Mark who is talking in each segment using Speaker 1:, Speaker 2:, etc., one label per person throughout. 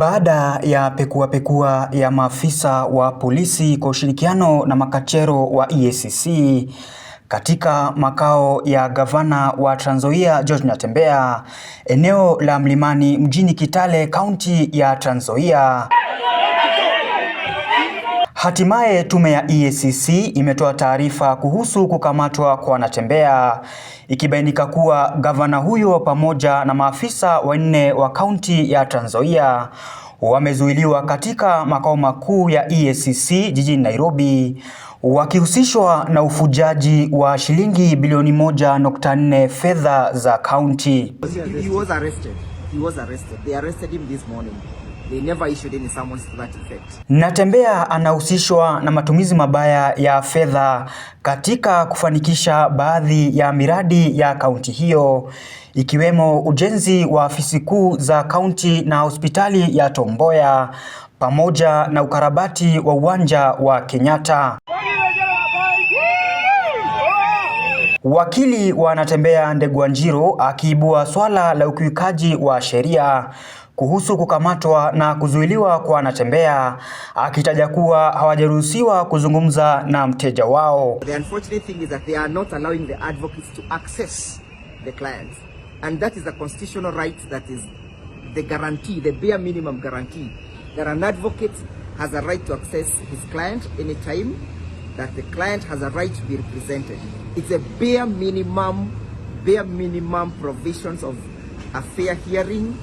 Speaker 1: Baada ya pekua pekua ya maafisa wa polisi kwa ushirikiano na makachero wa EACC katika makao ya gavana wa Trans Nzoia George Natembeya eneo la Mlimani mjini Kitale kaunti ya Trans Nzoia Hatimaye tume ya EACC imetoa taarifa kuhusu kukamatwa kwa Natembeya, ikibainika kuwa gavana huyo pamoja na maafisa wanne wa kaunti ya Trans Nzoia wamezuiliwa katika makao makuu ya EACC jijini Nairobi wakihusishwa na ufujaji wa shilingi bilioni 1.4 fedha za kaunti.
Speaker 2: They never issued any summons to that effect.
Speaker 1: Natembeya anahusishwa na matumizi mabaya ya fedha katika kufanikisha baadhi ya miradi ya kaunti hiyo ikiwemo ujenzi wa afisi kuu za kaunti na hospitali ya Tomboya pamoja na ukarabati wa uwanja wa Kenyatta. Wakili wa Natembeya Ndegwa Njiro akiibua swala la ukiukaji wa sheria kuhusu kukamatwa na kuzuiliwa kwa Anatembea, akitaja kuwa hawajaruhusiwa kuzungumza na mteja wao.
Speaker 2: The unfortunate thing is that they are not allowing the advocates to access the clients. And that is a constitutional right that is the guarantee, the bare minimum guarantee that an advocate has a right to access his client anytime that the client has a right to be represented. It's a bare minimum, bare minimum provisions of a fair hearing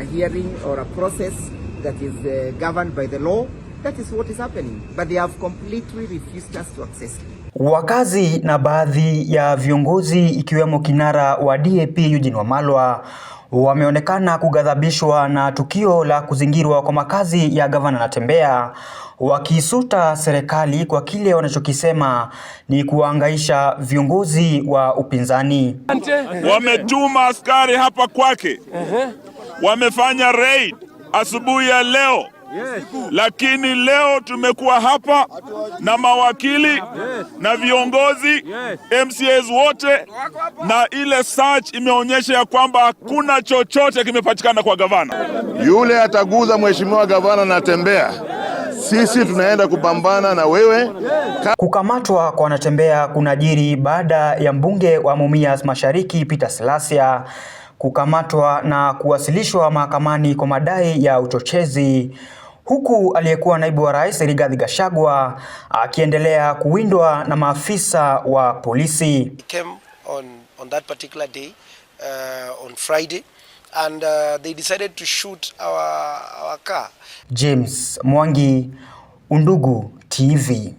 Speaker 2: a hearing or a process that is uh, governed by the law. That is what is happening. But they have completely refused us to access. it.
Speaker 1: Wakazi na baadhi ya viongozi ikiwemo kinara wa DAP Eugene Wamalwa wameonekana kughadhabishwa na tukio la kuzingirwa kwa makazi ya Gavana Natembeya, wakisuta serikali kwa kile wanachokisema ni kuwaangaisha viongozi wa upinzani.
Speaker 3: Wametuma askari hapa kwake wamefanya raid asubuhi ya leo Lakini leo tumekuwa hapa na mawakili na viongozi MCAs wote na ile search imeonyesha ya kwamba hakuna chochote kimepatikana kwa gavana. Yule ataguza mheshimiwa gavana anatembea sisi tunaenda kupambana na wewe.
Speaker 1: Kukamatwa kwa Wanatembea kunajiri baada ya mbunge wa Mumias Mashariki Peter Silasia kukamatwa na kuwasilishwa mahakamani kwa madai ya uchochezi, huku aliyekuwa naibu wa rais Rigathi Gachagua akiendelea kuwindwa na maafisa wa polisi.
Speaker 2: Came on, on that particular day, uh, on Friday. And, uh, they decided to shoot our, our car.
Speaker 1: James Mwangi, Undugu TV.